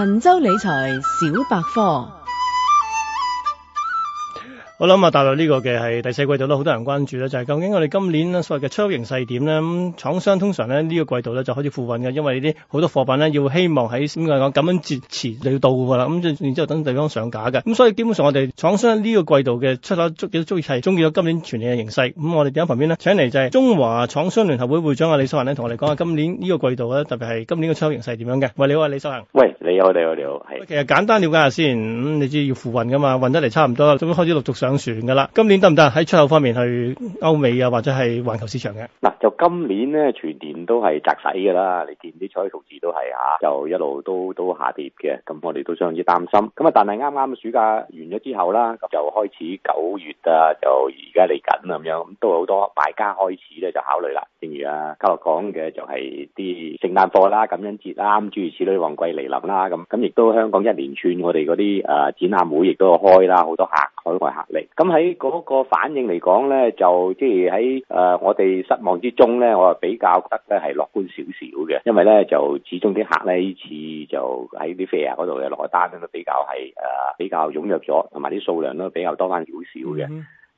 神州理財小百科。我諗啊，大陸呢個嘅係第四季度咧，好多人關注咧，就係究竟我哋今年咧所謂嘅出口形勢點咧？咁廠商通常咧呢個季度咧就開始付運嘅，因為呢啲好多貨品咧要希望喺咁樣節前就要到噶啦，咁然之後等地方上架嘅。咁所以基本上我哋廠商呢個季度嘅出口足幾多係總結咗今年全年嘅形勢。咁我哋點解旁邊呢？請嚟就係中華廠商聯合會會長阿李秀恒咧，同我哋講下今年呢個季度咧，特別係今年嘅出口形勢點樣嘅？喂，你好啊，李秀恒。喂，你好，你好，你好。係。其實簡單了解下先，咁你知要付運噶嘛？運得嚟差唔多啦，咁開始陸續上。上船噶啦，今年得唔得喺出口方面去歐美啊，或者係環球市場嘅嗱？就今年咧，全年都係窄使噶啦，你見啲彩圖字都係吓，就一路都都下跌嘅。咁我哋都相當之擔心咁啊。但係啱啱暑假完咗之後啦，就開始九月啊，就而家嚟緊啊，咁樣咁都好多買家開始咧就考慮啦。正如啊今日講嘅，就係啲聖誕貨啦、感恩節啦，咁諸如此類旺季嚟臨啦，咁咁亦都香港一連串我哋嗰啲誒展覽會亦都開啦，好多客。海外客嚟，咁喺嗰個反應嚟講咧，就即係喺誒我哋失望之中咧，我比較覺得咧係樂觀少少嘅，因為咧就始終啲客咧呢次就喺啲 fair 嗰度嘅落單咧都比較係誒比較踴躍咗，同埋啲數量都比較多翻少少嘅。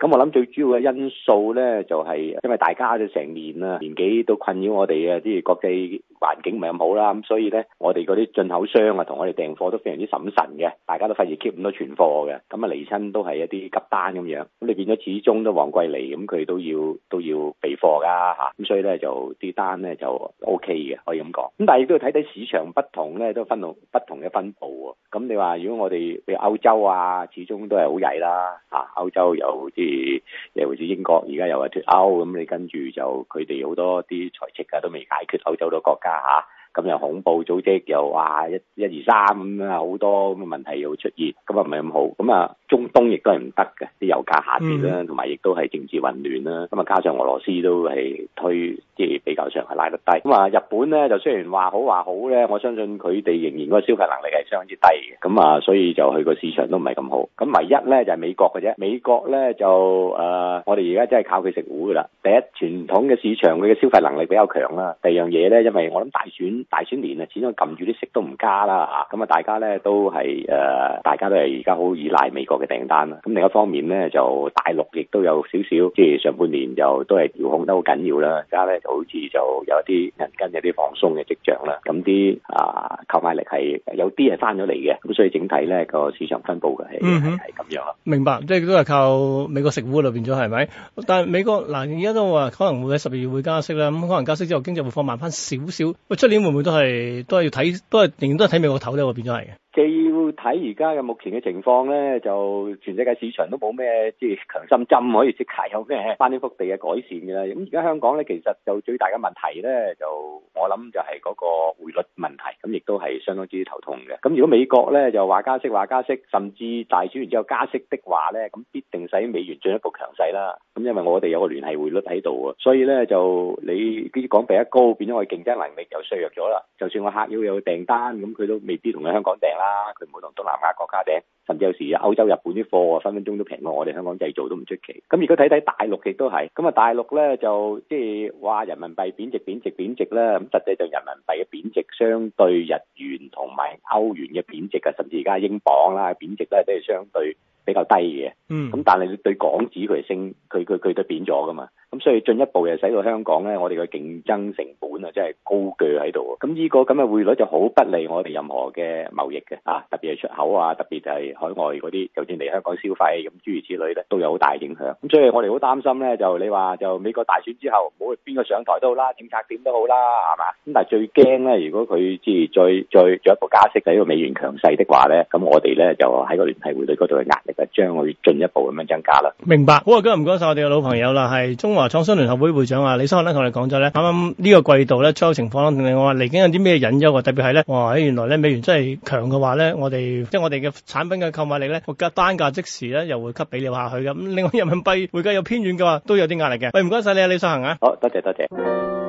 咁我諗最主要嘅因素咧，就係因為大家就成年啦，年紀都困擾我哋啊，啲國際環境唔係咁好啦，咁所以咧，我哋嗰啲進口商啊，同我哋訂貨都非常之審慎嘅，大家都費事 keep 咁多存貨嘅，咁啊嚟親都係一啲急單咁樣，咁你變咗始終都旺季嚟，咁佢都要都要備貨㗎嚇，咁所以咧就啲單咧就 O K 嘅，可以咁講，咁但係亦都要睇睇市場不同咧，都分到不同嘅分布喎。咁你話如果我哋譬如歐洲啊，始終都係好曳啦嚇，歐洲有又如好似英國現在脫，而家又話脫歐咁，你跟住就佢哋好多啲財赤啊都未解決，歐洲好多國家嚇，咁又恐怖組織又話一一二三咁啊好多咁嘅問題又出現，咁啊唔係咁好，咁啊。中東亦都係唔得嘅，啲油價下跌啦，同埋亦都係政治混亂啦。咁啊，加上俄羅斯都係推，即係比較上係拉得低。咁啊，日本咧就雖然話好話好咧，我相信佢哋仍然嗰個消費能力係相當之低嘅。咁啊，所以就佢個市場都唔係咁好。咁唯一咧就係、是、美國嘅啫。美國咧就誒、呃，我哋而家真係靠佢食糊㗎啦。第一傳統嘅市場佢嘅消費能力比較強啦。第二樣嘢咧，因為我諗大選大選年啊，始終撳住啲息都唔加啦嚇。咁啊，大家咧都係誒、呃，大家都係而家好依賴美國嘅訂單啦，咁另一方面咧，就大陸亦都有少少，即係上半年又都係調控得好緊要啦，而家咧就好似就有一啲銀根有啲放鬆嘅跡象啦，咁啲啊購買力係有啲係翻咗嚟嘅，咁所以整體咧個市場分布嘅係係咁樣。明白，即係都係靠美國食戶變咗係咪？但係美國嗱，而家都話可能會喺十二月會加息啦，咁可能加息之後經濟會放慢翻少少。喂，出年會唔會都係都係要睇，都係仍然都係睇美國頭咧？變咗係嘅。既要睇而家嘅目前嘅情況咧，就全世界市場都冇咩即係強心針可以即係有咩翻天覆地嘅改善嘅啦。咁而家香港咧，其實就最大嘅問題咧，就我諗就係嗰個匯率問題。咁亦都係相當之頭痛嘅。咁如果美國咧就話加息話加息，甚至大選完之後加息的話咧，咁必定使美元進一步強勢啦。咁因為我哋有個聯繫匯率喺度啊，所以咧就你啲港幣一高，變咗我競爭能力又削弱咗啦。就算我客要有訂單，咁佢都未必同你香港訂啦，佢唔好同東南亞國家訂。有時啊，歐洲、日本啲貨啊，分分鐘都平過我哋香港製造都唔出奇。咁如果睇睇大陸亦都係，咁啊大陸咧就即係話人民幣貶值貶值貶值啦。咁實際就人民幣嘅貶值相對日元同埋歐元嘅貶值啊，甚至而家英鎊啦貶值咧都係相對比較低嘅，咁、嗯、但係對港紙佢升，佢佢佢都貶咗噶嘛，咁所以進一步又使到香港咧，我哋嘅競爭成本啊，真係高踞喺度，咁呢個咁嘅匯率就好不利我哋任何嘅貿易嘅，啊，特別係出口啊，特別係海外嗰啲，就算嚟香港消費咁諸如此類咧，都有好大影響，咁所以我哋好擔心咧，就你話就美國大選之後，唔好去邊個上台都好啦、啊，政策點都好啦、啊，係嘛，咁但係最驚咧，如果佢即係再再進一步加息，喺呢個美元強勢的話咧，咁我哋咧就喺個聯繫匯率嗰度嘅壓力。將會進一步咁樣增加啦。明白，好啊，今日唔該晒我哋嘅老朋友啦，係中華廠商聯合會會長啊李秀恒咧同我哋講咗咧，啱啱呢個季度咧出口情況，同我話嚟緊有啲咩隱憂啊，特別係咧哇，喺原來咧美元真係強嘅話咧，我哋即係我哋嘅產品嘅購買力咧，個單價即時咧又會給俾料下去嘅。咁另外人民幣匯價有偏軟嘅話，都有啲壓力嘅。喂，唔該晒你啊，李秀恒啊，好多謝多謝，多謝。